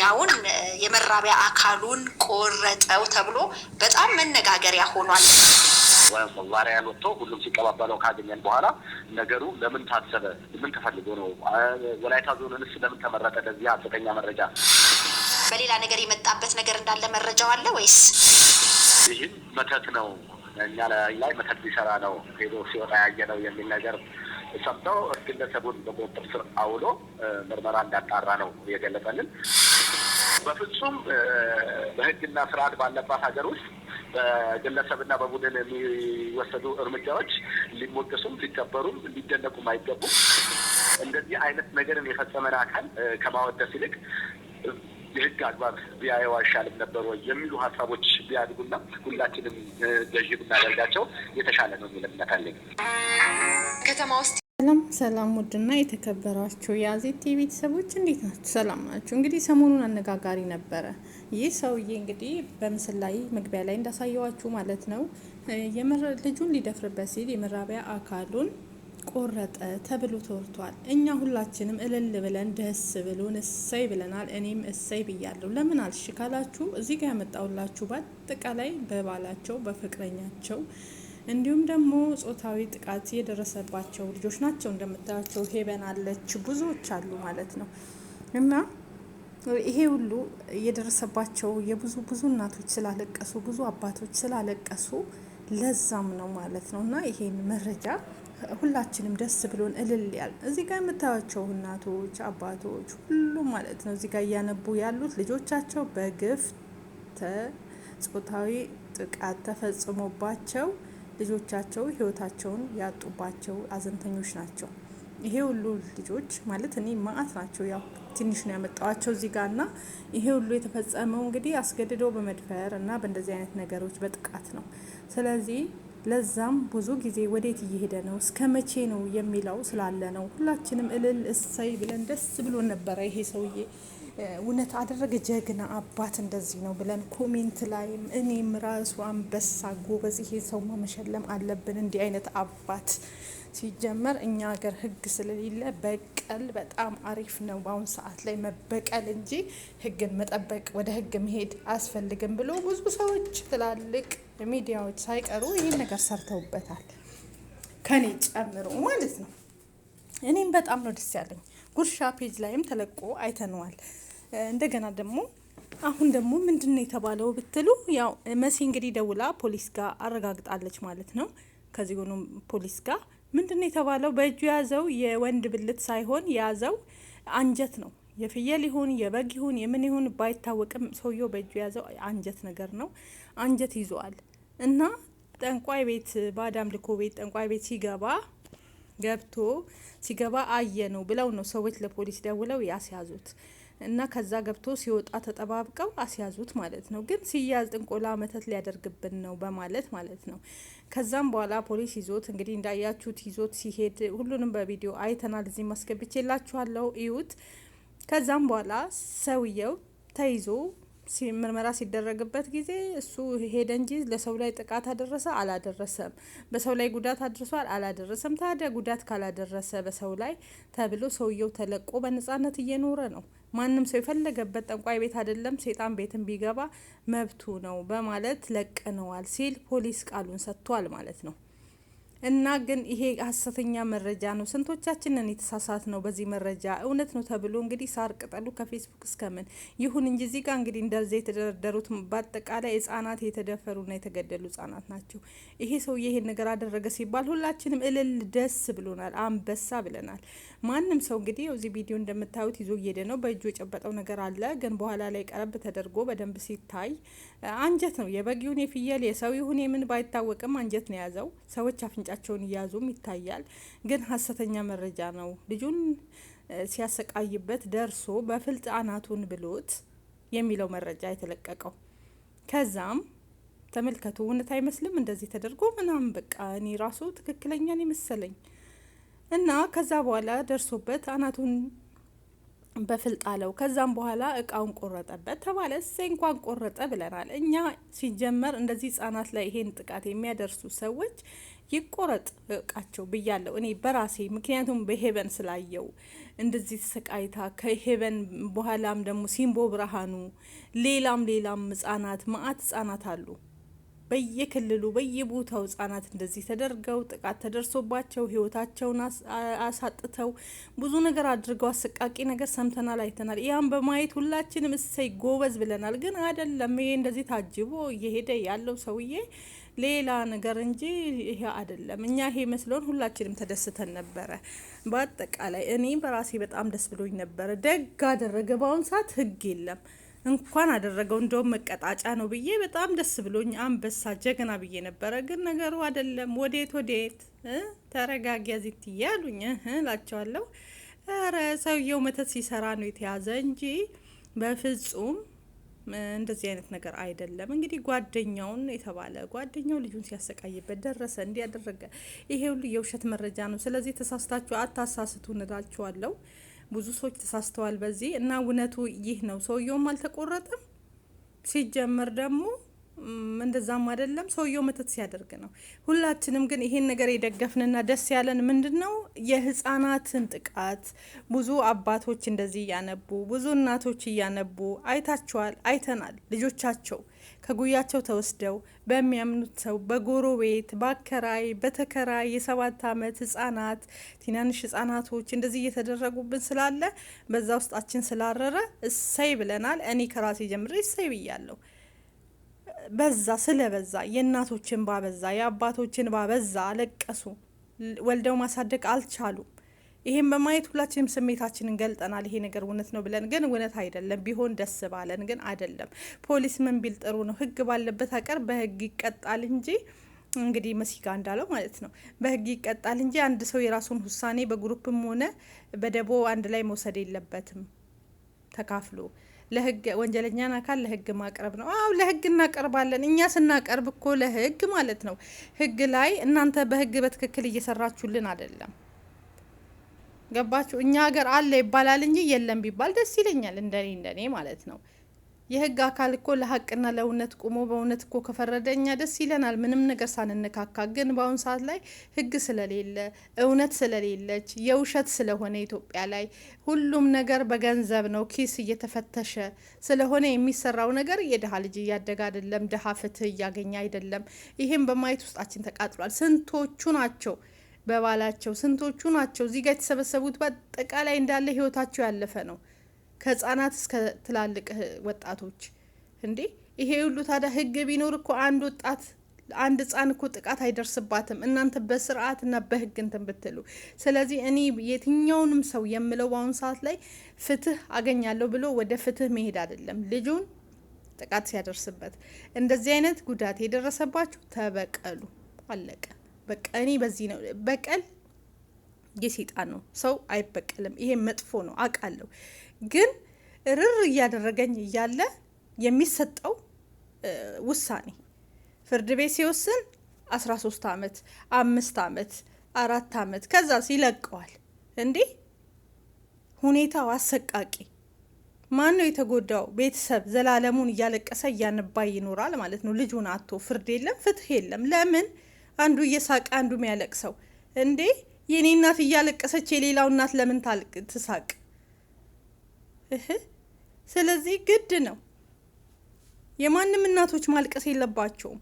ጓደኛውን የመራቢያ አካሉን ቆረጠው ተብሎ በጣም መነጋገሪያ ሆኗል። ማርያን ወጥቶ ሁሉም ሲቀባበለው ካገኘን በኋላ ነገሩ ለምን ታሰበ? ምን ተፈልጎ ነው? ወላይታ ዞንንስ ለምን ተመረጠ? ለዚህ ሐሰተኛ መረጃ በሌላ ነገር የመጣበት ነገር እንዳለ መረጃው አለ ወይስ ይህም መተት ነው? እኛ ላይ መተት ሊሰራ ነው ሄዶ ሲወጣ ያየ ነው የሚል ነገር ሰምተው ግለሰቡን በቁጥጥር ስር አውሎ ምርመራ እንዳጣራ ነው የገለጸልን። በፍጹም በህግና ስርዓት ባለባት ሀገር ውስጥ በግለሰብና በቡድን የሚወሰዱ እርምጃዎች ሊሞገሱም ሊከበሩም ሊደነቁም አይገቡም። እንደዚህ አይነት ነገርን የፈጸመን አካል ከማወደስ ይልቅ የህግ አግባብ ቢያየው አይሻልም ነበር ወይ የሚሉ ሀሳቦች ቢያድጉና ሁላችንም ገዥ ብናደርጋቸው የተሻለ ነው የሚል እምነት አለኝ ከተማ ውስጥ ሰላም ሰላም ውድና የተከበራችሁ የአዜቴ ቤተሰቦች እንዴት ናችሁ? ሰላም ናችሁ? እንግዲህ ሰሞኑን አነጋጋሪ ነበረ። ይህ ሰውዬ እንግዲህ በምስል ላይ መግቢያ ላይ እንዳሳየዋችሁ ማለት ነው ልጁን ሊደፍርበት ሲል የመራቢያ አካሉን ቆረጠ ተብሎ ተወርቷል። እኛ ሁላችንም እልል ብለን ደስ ብሎን እሰይ ብለናል። እኔም እሰይ ብያለሁ። ለምን አልሽ ካላችሁ እዚህ ጋር ያመጣውላችሁ በአጠቃላይ በባላቸው በፍቅረኛቸው እንዲሁም ደግሞ ጾታዊ ጥቃት የደረሰባቸው ልጆች ናቸው። እንደምታያቸው ሄበን አለች፣ ብዙዎች አሉ ማለት ነው እና ይሄ ሁሉ የደረሰባቸው የብዙ ብዙ እናቶች ስላለቀሱ ብዙ አባቶች ስላለቀሱ ለዛም ነው ማለት ነው እና ይሄን መረጃ ሁላችንም ደስ ብሎን እልል ያል እዚህ ጋር የምታያቸው እናቶች አባቶች ሁሉ ማለት ነው እዚህ ጋር እያነቡ ያሉት ልጆቻቸው በግፍ ጾታዊ ጥቃት ተፈጽሞባቸው ልጆቻቸው ህይወታቸውን ያጡባቸው አዘንተኞች ናቸው። ይሄ ሁሉ ልጆች ማለት እኔ ማአት ናቸው። ያው ትንሽ ነው ያመጣዋቸው እዚህ ጋር እና ይሄ ሁሉ የተፈጸመው እንግዲህ አስገድዶ በመድፈር እና በእንደዚህ አይነት ነገሮች በጥቃት ነው። ስለዚህ ለዛም ብዙ ጊዜ ወዴት እየሄደ ነው እስከ መቼ ነው የሚለው ስላለ ነው ሁላችንም እልል እሰይ ብለን ደስ ብሎ ነበረ ይሄ ሰውዬ እውነት አደረገ። ጀግና አባት እንደዚህ ነው ብለን ኮሜንት ላይም እኔም ራሱ አንበሳ ጎበዝ፣ ይሄ ሰው መሸለም አለብን። እንዲህ አይነት አባት ሲጀመር እኛ ሀገር ህግ ስለሌለ በቀል በጣም አሪፍ ነው በአሁን ሰዓት ላይ መበቀል እንጂ ህግን መጠበቅ ወደ ህግ መሄድ አያስፈልግም ብሎ ብዙ ሰዎች ትላልቅ ሚዲያዎች ሳይቀሩ ይህን ነገር ሰርተውበታል፣ ከኔ ጨምሮ ማለት ነው። እኔም በጣም ነው ደስ ያለኝ። ጉርሻ ፔጅ ላይም ተለቆ አይተነዋል። እንደገና ደግሞ አሁን ደግሞ ምንድን ነው የተባለው ብትሉ ያው መሲ እንግዲህ ደውላ ፖሊስ ጋር አረጋግጣለች ማለት ነው። ከዚህ ሆኖ ፖሊስ ጋር ምንድን ነው የተባለው? በእጁ የያዘው የወንድ ብልት ሳይሆን የያዘው አንጀት ነው። የፍየል ይሁን የበግ ይሁን የምን ይሁን ባይታወቅም ሰውየው በእጁ የያዘው አንጀት ነገር ነው። አንጀት ይዟል እና ጠንቋይ ቤት በአዳም ልኮ ቤት ጠንቋይ ቤት ሲገባ ገብቶ ሲገባ አየ ነው ብለው ነው ሰዎች ለፖሊስ ደውለው ያስያዙት። እና ከዛ ገብቶ ሲወጣ ተጠባብቀው አስያዙት ማለት ነው። ግን ሲያዝ ጥንቆላ መተት ሊያደርግብን ነው በማለት ማለት ነው። ከዛም በኋላ ፖሊስ ይዞት እንግዲህ እንዳያችሁት ይዞት ሲሄድ ሁሉንም በቪዲዮ አይተናል። እዚህ ማስገብቼ እዩት። ከዛም በኋላ ሰውየው ተይዞ ምርመራ ሲደረግበት ጊዜ እሱ ሄደ እንጂ ለሰው ላይ ጥቃት አደረሰ አላደረሰም፣ በሰው ላይ ጉዳት አድርሷል አላደረሰም። ታዲያ ጉዳት ካላደረሰ በሰው ላይ ተብሎ ሰውየው ተለቆ በነጻነት እየኖረ ነው። ማንም ሰው የፈለገበት ጠንቋይ ቤት አይደለም ሰይጣን ቤትን ቢገባ መብቱ ነው በማለት ለቅነዋል ሲል ፖሊስ ቃሉን ሰጥቷል ማለት ነው። እና ግን ይሄ ሀሰተኛ መረጃ ነው። ስንቶቻችንን የተሳሳት ነው በዚህ መረጃ እውነት ነው ተብሎ እንግዲህ ሳር ቅጠሉ ከፌስቡክ እስከምን ይሁን እንጂ እዚህ ጋር እንግዲህ እንደዚ የተደረደሩት በአጠቃላይ ህጻናት የተደፈሩና የተገደሉ ህጻናት ናቸው። ይሄ ሰውዬ ይሄን ነገር አደረገ ሲባል ሁላችንም እልል ደስ ብሎናል፣ አንበሳ ብለናል። ማንም ሰው እንግዲህ እዚህ ቪዲዮ እንደምታዩት ይዞ እየሄደ ነው። በእጁ የጨበጠው ነገር አለ፣ ግን በኋላ ላይ ቀረብ ተደርጎ በደንብ ሲታይ አንጀት ነው የበግ ይሁን የፍየል የሰው ይሁን የምን ባይታወቅም አንጀት ነው የያዘው ሰዎች አፍንጫ አፍንጫቸውን እያዙም ይታያል። ግን ሀሰተኛ መረጃ ነው። ልጁን ሲያሰቃይበት ደርሶ በፍልጥ አናቱን ብሎት የሚለው መረጃ የተለቀቀው ከዛም ተመልከቱ እውነት አይመስልም እንደዚህ ተደርጎ ምናምን በቃ እኔ ራሱ ትክክለኛን መሰለኝ እና ከዛ በኋላ ደርሶበት አናቱን በፍልጥ አለው። ከዛም በኋላ እቃውን ቆረጠበት ተባለ። እሴ እንኳን ቆረጠ ብለናል እኛ። ሲጀመር እንደዚህ ህጻናት ላይ ይሄን ጥቃት የሚያደርሱ ሰዎች ይቆረጥ እቃቸው ብያለሁ እኔ በራሴ ምክንያቱም በሄቨን ስላየው እንደዚህ ተሰቃይታ ከሄቨን በኋላም ደግሞ ሲምቦ ብርሃኑ፣ ሌላም ሌላም ህጻናት ማአት ህጻናት አሉ። በየክልሉ በየቦታው ህጻናት እንደዚህ ተደርገው ጥቃት ተደርሶባቸው ህይወታቸውን አሳጥተው ብዙ ነገር አድርገው አሰቃቂ ነገር ሰምተናል፣ አይተናል። ያም በማየት ሁላችንም እሰይ ጎበዝ ብለናል። ግን አይደለም ይሄ እንደዚህ ታጅቦ እየሄደ ያለው ሰውዬ ሌላ ነገር እንጂ ይሄ አይደለም። እኛ ይሄ መስሎን ሁላችንም ተደስተን ነበረ። በአጠቃላይ እኔ በራሴ በጣም ደስ ብሎኝ ነበረ። ደግ አደረገ። በአሁን ሰዓት ህግ የለም እንኳን አደረገው እንደውም መቀጣጫ ነው ብዬ በጣም ደስ ብሎኝ አንበሳ ጀግና ብዬ ነበረ። ግን ነገሩ አይደለም። ወዴት ወዴት ተረጋጊያ ዚት እያሉኝ እላቸዋለሁ። ኧረ ሰውየው መተት ሲሰራ ነው የተያዘ እንጂ በፍጹም እንደዚህ አይነት ነገር አይደለም። እንግዲህ ጓደኛውን የተባለ ጓደኛው ልጁን ሲያሰቃይበት ደረሰ እንዲያደረገ ይሄ ሁሉ የውሸት መረጃ ነው። ስለዚህ ተሳስታችሁ አታሳስቱ እንላችኋለሁ። ብዙ ሰዎች ተሳስተዋል በዚህ እና እውነቱ ይህ ነው። ሰውየውም አልተቆረጠም ሲጀመር ደግሞ እንደዛም አይደለም ሰውየው መተት ሲያደርግ ነው። ሁላችንም ግን ይሄን ነገር የደገፍንና ደስ ያለን ምንድን ነው የህፃናትን ጥቃት ብዙ አባቶች እንደዚህ እያነቡ ብዙ እናቶች እያነቡ አይታችኋል፣ አይተናል። ልጆቻቸው ከጉያቸው ተወስደው በሚያምኑት ሰው፣ በጎረቤት፣ በአከራይ፣ በተከራይ የሰባት አመት ህጻናት፣ ትናንሽ ህጻናቶች እንደዚህ እየተደረጉብን ስላለ በዛ ውስጣችን ስላረረ እሰይ ብለናል። እኔ ከራሴ ጀምሬ እሰይ ብያለሁ። በዛ ስለበዛ የእናቶችን ባበዛ የአባቶችን ባበዛ አለቀሱ። ወልደው ማሳደግ አልቻሉም። ይህም በማየት ሁላችንም ስሜታችንን ገልጠናል። ይሄ ነገር እውነት ነው ብለን ግን እውነት አይደለም። ቢሆን ደስ ባለን ግን አይደለም። ፖሊስ ምን ቢል ጥሩ ነው? ህግ ባለበት አቀር በህግ ይቀጣል እንጂ እንግዲህ መሲጋ እንዳለው ማለት ነው በህግ ይቀጣል እንጂ አንድ ሰው የራሱን ውሳኔ በግሩፕም ሆነ በደቦ አንድ ላይ መውሰድ የለበትም ተካፍሎ ለህግ ወንጀለኛን አካል ለህግ ማቅረብ ነው። አዎ ለህግ እናቀርባለን። እኛ ስናቀርብ እኮ ለህግ ማለት ነው። ህግ ላይ እናንተ በህግ በትክክል እየሰራችሁልን አይደለም። ገባችሁ? እኛ ሀገር አለ ይባላል እንጂ የለም ቢባል ደስ ይለኛል፣ እንደኔ እንደኔ ማለት ነው። የህግ አካል እኮ ለሀቅና ለእውነት ቁሞ በእውነት እኮ ከፈረደ እኛ ደስ ይለናል፣ ምንም ነገር ሳንነካካ። ግን በአሁኑ ሰዓት ላይ ህግ ስለሌለ እውነት ስለሌለች የውሸት ስለሆነ ኢትዮጵያ ላይ ሁሉም ነገር በገንዘብ ነው፣ ኪስ እየተፈተሸ ስለሆነ የሚሰራው ነገር የድሀ ልጅ እያደገ አይደለም፣ ድሀ ፍትህ እያገኘ አይደለም። ይህም በማየት ውስጣችን ተቃጥሏል። ስንቶቹ ናቸው በባላቸው፣ ስንቶቹ ናቸው እዚህ ጋር የተሰበሰቡት? በአጠቃላይ እንዳለ ህይወታቸው ያለፈ ነው። ከህጻናት እስከ ትላልቅ ወጣቶች እንዴ ይሄ ሁሉ ታዲያ ህግ ቢኖር እኮ አንድ ወጣት አንድ ህጻን እኮ ጥቃት አይደርስባትም። እናንተ እና በህግ እንትን ብትሉ። ስለዚህ እኔ የትኛውንም ሰው የምለው በአሁኑ ሰዓት ላይ ፍትህ አገኛለሁ ብሎ ወደ ፍትህ መሄድ አይደለም። ልጁን ጥቃት ሲያደርስበት እንደዚህ አይነት ጉዳት የደረሰባችሁ ተበቀሉ። አለቀ። በቃ እኔ በዚህ ነው በቀል የሴጣን ነው። ሰው አይበቀልም። ይሄ መጥፎ ነው አውቃለሁ። ግን ርር እያደረገኝ እያለ የሚሰጠው ውሳኔ ፍርድ ቤት ሲወስን አስራ ሶስት አመት አምስት አመት አራት አመት ከዛ ይለቀዋል። እንዴ ሁኔታው አሰቃቂ። ማን ነው የተጎዳው? ቤተሰብ ዘላለሙን እያለቀሰ እያነባ ይኖራል ማለት ነው። ልጁን አቶ ፍርድ የለም ፍትህ የለም። ለምን አንዱ እየሳቀ አንዱ የሚያለቅሰው እንዴ የኔ እናት እያለቀሰች የሌላው እናት ለምን ትሳቅ? ስለዚህ ግድ ነው። የማንም እናቶች ማልቀስ የለባቸውም።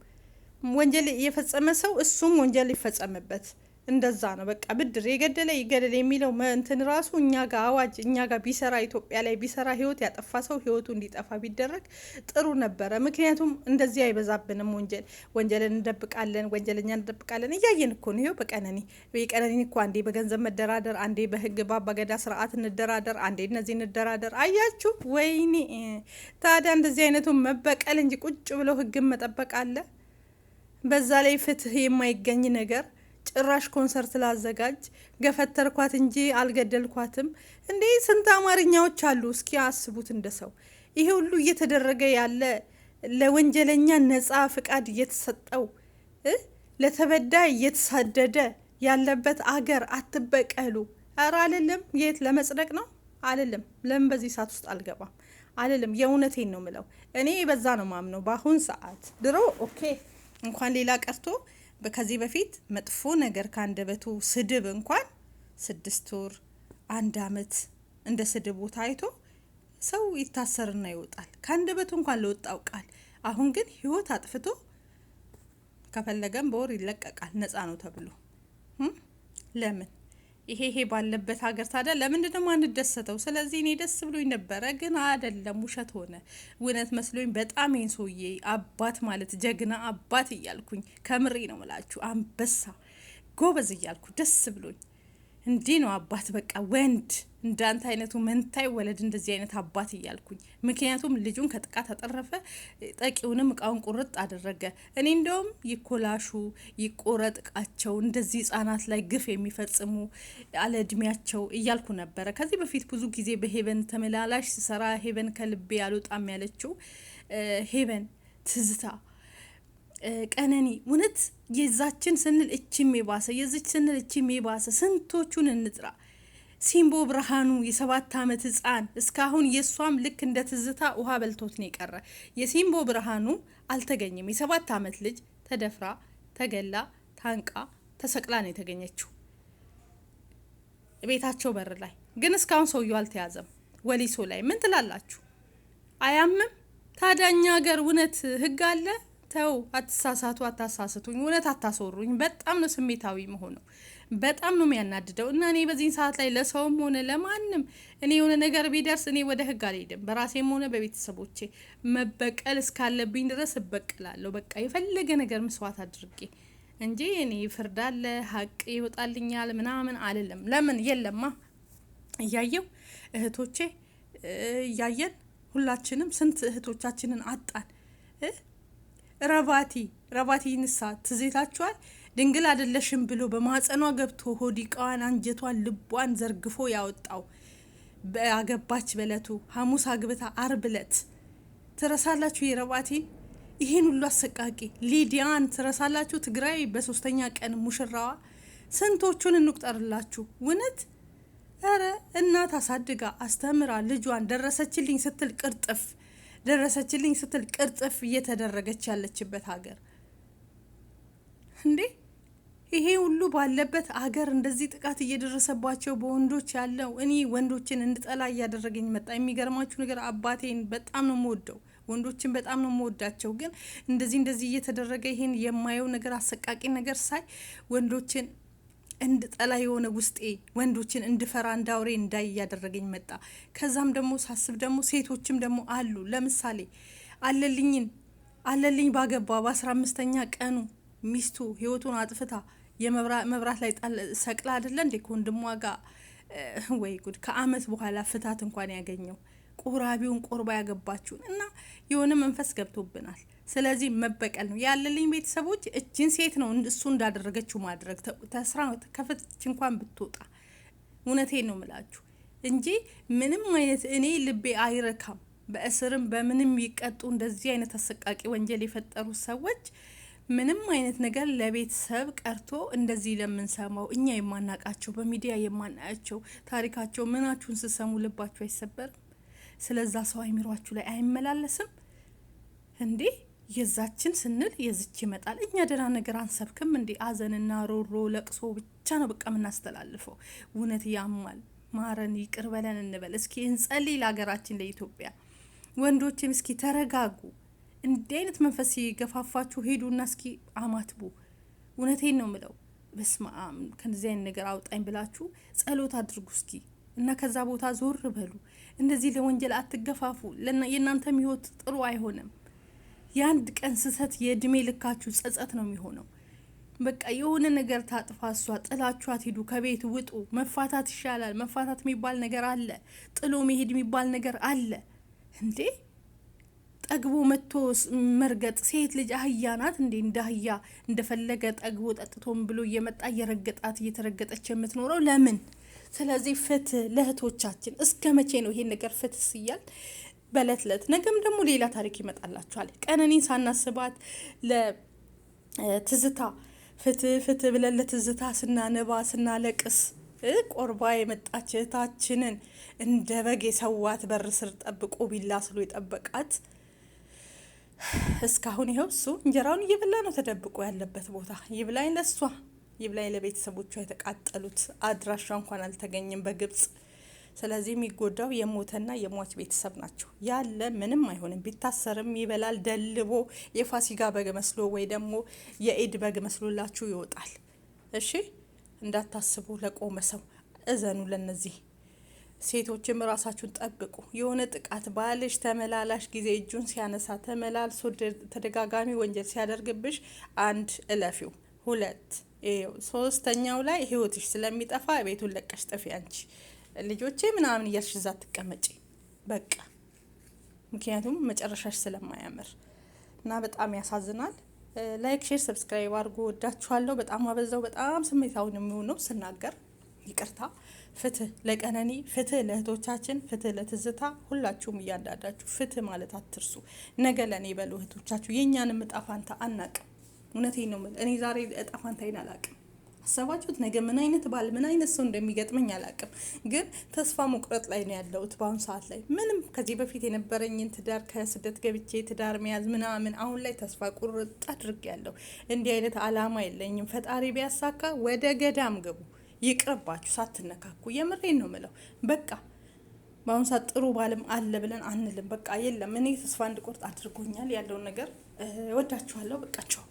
ወንጀል የፈጸመ ሰው እሱም ወንጀል ይፈጸምበት። እንደዛ ነው በቃ ብድር የገደለ ይገደል የሚለው እንትን ራሱ እኛ ጋር አዋጅ እኛ ጋር ቢሰራ ኢትዮጵያ ላይ ቢሰራ ህይወት ያጠፋ ሰው ህይወቱ እንዲጠፋ ቢደረግ ጥሩ ነበረ። ምክንያቱም እንደዚህ አይበዛብንም። ወንጀል ወንጀልን እንደብቃለን፣ ወንጀለኛ እንደብቃለን። እያየን እኮ ነው። ይኸው በቀነኒ የቀነኒ እኮ አንዴ በገንዘብ መደራደር፣ አንዴ በህግ በአባገዳ ስርዓት እንደራደር፣ አንዴ እነዚህ እንደራደር። አያችሁ ወይኔ! ታዲያ እንደዚህ አይነቱን መበቀል እንጂ ቁጭ ብለው ህግን መጠበቅ አለ። በዛ ላይ ፍትህ የማይገኝ ነገር ጭራሽ ኮንሰርት ላዘጋጅ ገፈተርኳት እንጂ አልገደልኳትም። እንዴ ስንት አማርኛዎች አሉ። እስኪ አስቡት እንደ ሰው ይሄ ሁሉ እየተደረገ ያለ ለወንጀለኛ ነጻ ፍቃድ እየተሰጠው ለተበዳይ እየተሳደደ ያለበት አገር አትበቀሉ። ኧረ አልልም። የት ለመጽደቅ ነው አልልም። ለምን በዚህ ሰዓት ውስጥ አልገባም አልልም። የእውነቴን ነው ምለው። እኔ በዛ ነው ማምነው። በአሁን ሰዓት ድሮ ኦኬ እንኳን ሌላ ቀርቶ ከዚህ በፊት መጥፎ ነገር ካንደበቱ ስድብ እንኳን ስድስት ወር አንድ አመት እንደ ስድቡ ታይቶ ሰው ይታሰርና ይወጣል። ካንደበቱ እንኳን ለወጣው ቃል አሁን ግን ህይወት አጥፍቶ ከፈለገም በወር ይለቀቃል። ነፃ ነው ተብሎ ለምን ይሄ ይሄ ባለበት ሀገር ታዲያ ለምንድን ነው ማንደሰተው? ስለዚህ እኔ ደስ ብሎኝ ነበረ፣ ግን አደለም፣ ውሸት ሆነ። እውነት መስሎኝ በጣም ይህን ሰውዬ አባት ማለት ጀግና አባት እያልኩኝ ከምሬ ነው ምላችሁ፣ አንበሳ ጎበዝ እያልኩ ደስ ብሎኝ እንዲህ ነው አባት በቃ ወንድ እንዳንተ አይነቱ መንታይ ወለድ እንደዚህ አይነት አባት እያልኩኝ። ምክንያቱም ልጁን ከጥቃት አጠረፈ፣ ጠቂውንም እቃውን ቁርጥ አደረገ። እኔ እንደውም ይኮላሹ ይቆረጥቃቸው እንደዚህ ህጻናት ላይ ግፍ የሚፈጽሙ አለ እድሜያቸው እያልኩ ነበረ። ከዚህ በፊት ብዙ ጊዜ በሄቨን ተመላላሽ ስሰራ ሄቨን ከልቤ አልወጣም ያለችው ሄቨን ትዝታ ቀነኒ እውነት የዛችን ስንል እችም የባሰ የዚች ስንል እችም የባሰ ስንቶቹን እንጥራ። ሲምቦ ብርሃኑ የሰባት ዓመት ህፃን እስካሁን የእሷም ልክ እንደ ትዝታ ውሃ በልቶት ነው የቀረ። የሲምቦ ብርሃኑ አልተገኘም። የሰባት ዓመት ልጅ ተደፍራ ተገላ ታንቃ ተሰቅላ ነው የተገኘችው ቤታቸው በር ላይ። ግን እስካሁን ሰውየው አልተያዘም። ወሊሶ ላይ ምን ትላላችሁ? አያምም ታዳኛ ሀገር እውነት ህግ አለ? ተው፣ አትሳሳቱ፣ አታሳስቱኝ፣ እውነት አታስወሩኝ። በጣም ነው ስሜታዊ መሆነው በጣም ነው የሚያናድደው። እና እኔ በዚህን ሰዓት ላይ ለሰውም ሆነ ለማንም እኔ የሆነ ነገር ቢደርስ እኔ ወደ ህግ አልሄድም። በራሴም ሆነ በቤተሰቦቼ መበቀል እስካለብኝ ድረስ እበቀላለሁ። በቃ የፈለገ ነገር መስዋዕት አድርጌ እንጂ እኔ ፍርድ አለ ሀቅ ይወጣልኛል ምናምን አልልም። ለምን የለማ እያየው እህቶቼ እያየን ሁላችንም ስንት እህቶቻችንን አጣን። ረባቲ ረባቲ ንሳ ትዜታችኋል። ድንግል አይደለሽም ብሎ በማህፀኗ ገብቶ ሆዲቃዋን፣ አንጀቷን፣ ልቧን ዘርግፎ ያወጣው አገባች። በለቱ ሐሙስ አግብታ አርብ ትረሳላችሁ የረባቴን ይሄን ሁሉ አሰቃቂ ሊዲያን ትረሳላችሁ። ትግራይ በሶስተኛ ቀን ሙሽራዋ ስንቶቹን እንቁጠርላችሁ። እውነት ኧረ እናት አሳድጋ አስተምራ ልጇን ደረሰችልኝ ስትል ቅርጥፍ ደረሰችልኝ ስትል ቅርጥፍ እየተደረገች ያለችበት ሀገር እንዴ! ይሄ ሁሉ ባለበት አገር እንደዚህ ጥቃት እየደረሰባቸው በወንዶች ያለው እኔ ወንዶችን እንድጠላ እያደረገኝ መጣ። የሚገርማችሁ ነገር አባቴን በጣም ነው የምወደው፣ ወንዶችን በጣም ነው የምወዳቸው። ግን እንደዚህ እንደዚህ እየተደረገ ይሄን የማየው ነገር አሰቃቂ ነገር ሳይ ወንዶችን እንድጠላ የሆነ ውስጤ ወንዶችን እንድፈራ እንዳውሬ እንዳይ እያደረገኝ መጣ። ከዛም ደግሞ ሳስብ ደግሞ ሴቶችም ደግሞ አሉ። ለምሳሌ አለልኝን አለልኝ ባገባ በአስራ አምስተኛ ቀኑ ሚስቱ ህይወቱን አጥፍታ የመብራት ላይ ጣል ሰቅላ አይደለ እንዴ ከወንድሟ ጋር ወይ ጉድ ከአመት በኋላ ፍታት እንኳን ያገኘው ቆራቢውን ቆርባ ያገባችሁን እና የሆነ መንፈስ ገብቶብናል። ስለዚህ መበቀል ነው ያለልኝ። ቤተሰቦች እችን ሴት ነው እሱ እንዳደረገችው ማድረግ ተስራ ከፍች እንኳን ብትወጣ እውነቴን ነው ምላችሁ እንጂ ምንም አይነት እኔ ልቤ አይረካም። በእስርም በምንም ይቀጡ እንደዚህ አይነት አሰቃቂ ወንጀል የፈጠሩ ሰዎች ምንም አይነት ነገር ለቤተሰብ ቀርቶ እንደዚህ ለምንሰማው እኛ የማናቃቸው በሚዲያ የማናያቸው ታሪካቸው ምናችሁን ስሰሙ ልባችሁ አይሰበርም? ስለዛ ሰው አይምሯችሁ ላይ አይመላለስም እንዴ? የዛችን ስንል የዝች ይመጣል። እኛ ደህና ነገር አንሰብክም እንዴ? አዘንና ሮሮ ለቅሶ ብቻ ነው በቃ የምናስተላልፈው። እውነት ያማል። ማረን፣ ይቅር በለን እንበል እስኪ፣ እንጸልይ ለሀገራችን ለኢትዮጵያ። ወንዶችም እስኪ ተረጋጉ። እንዲህ አይነት መንፈስ የገፋፋችሁ ሄዱና እስኪ አማትቡ። እውነቴን ነው ምለው። በስመ አብ ከእንደዚህ አይነት ነገር አውጣኝ ብላችሁ ጸሎት አድርጉ እስኪ እና ከዛ ቦታ ዞር በሉ። እንደዚህ ለወንጀል አትገፋፉ። የእናንተም ህይወት ጥሩ አይሆንም። የአንድ ቀን ስህተት የእድሜ ልካችሁ ጸጸት ነው የሚሆነው። በቃ የሆነ ነገር ታጥፋ እሷ ጥላችሁ አትሄዱ። ከቤት ውጡ። መፋታት ይሻላል። መፋታት የሚባል ነገር አለ። ጥሎ መሄድ የሚባል ነገር አለ እንዴ ጠግቦ መጥቶ መርገጥ። ሴት ልጅ አህያ ናት እንዴ? እንደ አህያ እንደፈለገ ጠግቦ ጠጥቶም ብሎ እየመጣ እየረገጣት እየተረገጠች የምትኖረው ለምን? ስለዚህ ፍትህ ለእህቶቻችን እስከ መቼ ነው ይሄን ነገር ፍትህ ስያል በለት ለት ነገም ደግሞ ሌላ ታሪክ ይመጣላችኋል። ቀነኒን ሳናስባት ለትዝታ ፍትህ ፍትህ ብለን ለትዝታ ስናነባ ስናለቅስ ቆርባ የመጣች እህታችንን እንደ በግ የሰዋት በር ስር ጠብቆ ቢላ ስሎ የጠበቃት እስካሁን ይኸው እሱ እንጀራውን እየበላ ነው ተደብቆ ያለበት ቦታ። ይብላኝ ለሷ ይብላኝ ለቤተሰቦቿ የተቃጠሉት አድራሻ እንኳን አልተገኘም በግብጽ። ስለዚህ የሚጎዳው የሞተና የሟች ቤተሰብ ናቸው። ያለ ምንም አይሆንም። ቢታሰርም ይበላል ደልቦ የፋሲጋ በግ መስሎ ወይ ደግሞ የኢድ በግ መስሎላችሁ ይወጣል። እሺ እንዳታስቡ፣ ለቆመ ሰው እዘኑ ለነዚህ ሴቶችም ራሳችሁን ጠብቁ። የሆነ ጥቃት ባልሽ ተመላላሽ ጊዜ እጁን ሲያነሳ ተመላልሶ ተደጋጋሚ ወንጀል ሲያደርግብሽ አንድ እለፊው፣ ሁለት ሶስተኛው ላይ ህይወትሽ ስለሚጠፋ ቤቱን ለቀሽ ጥፊ። አንቺ ልጆቼ ምናምን እያልሽ እዛ ትቀመጪ በቃ። ምክንያቱም መጨረሻሽ ስለማያምር እና በጣም ያሳዝናል። ላይክ፣ ሼር፣ ሰብስክራይብ አድርጎ ወዳችኋለሁ። በጣም አበዛው። በጣም ስሜታውን የሚሆነው ስናገር ይቅርታ ፍትህ ለቀነኒ፣ ፍትህ ለእህቶቻችን፣ ፍትህ ለትዝታ። ሁላችሁም እያንዳንዳችሁ ፍትህ ማለት አትርሱ። ነገ ለእኔ በሉ እህቶቻችሁ። የእኛንም እጣ ፋንታ አናቅም። እውነቴን ነው የምልህ። እኔ ዛሬ እጣ ፋንታዬን አላቅም። አሰባችሁት? ነገ ምን አይነት ባል ምን አይነት ሰው እንደሚገጥመኝ አላቅም። ግን ተስፋ መቁረጥ ላይ ነው ያለሁት በአሁኑ ሰዓት ላይ ምንም ከዚህ በፊት የነበረኝን ትዳር ከስደት ገብቼ ትዳር መያዝ ምናምን፣ አሁን ላይ ተስፋ ቁርጥ አድርጌያለሁ። እንዲህ አይነት አላማ የለኝም። ፈጣሪ ቢያሳካ ወደ ገዳም ግቡ። ይቅርባችሁ፣ ሳትነካኩ። የምሬን ነው ምለው። በቃ በአሁኑ ሰዓት ጥሩ ባልም አለ ብለን አንልም። በቃ የለም እኔ ተስፋ እንድቆርጥ አድርጎኛል ያለውን ነገር እወዳችኋለሁ። በቃቸው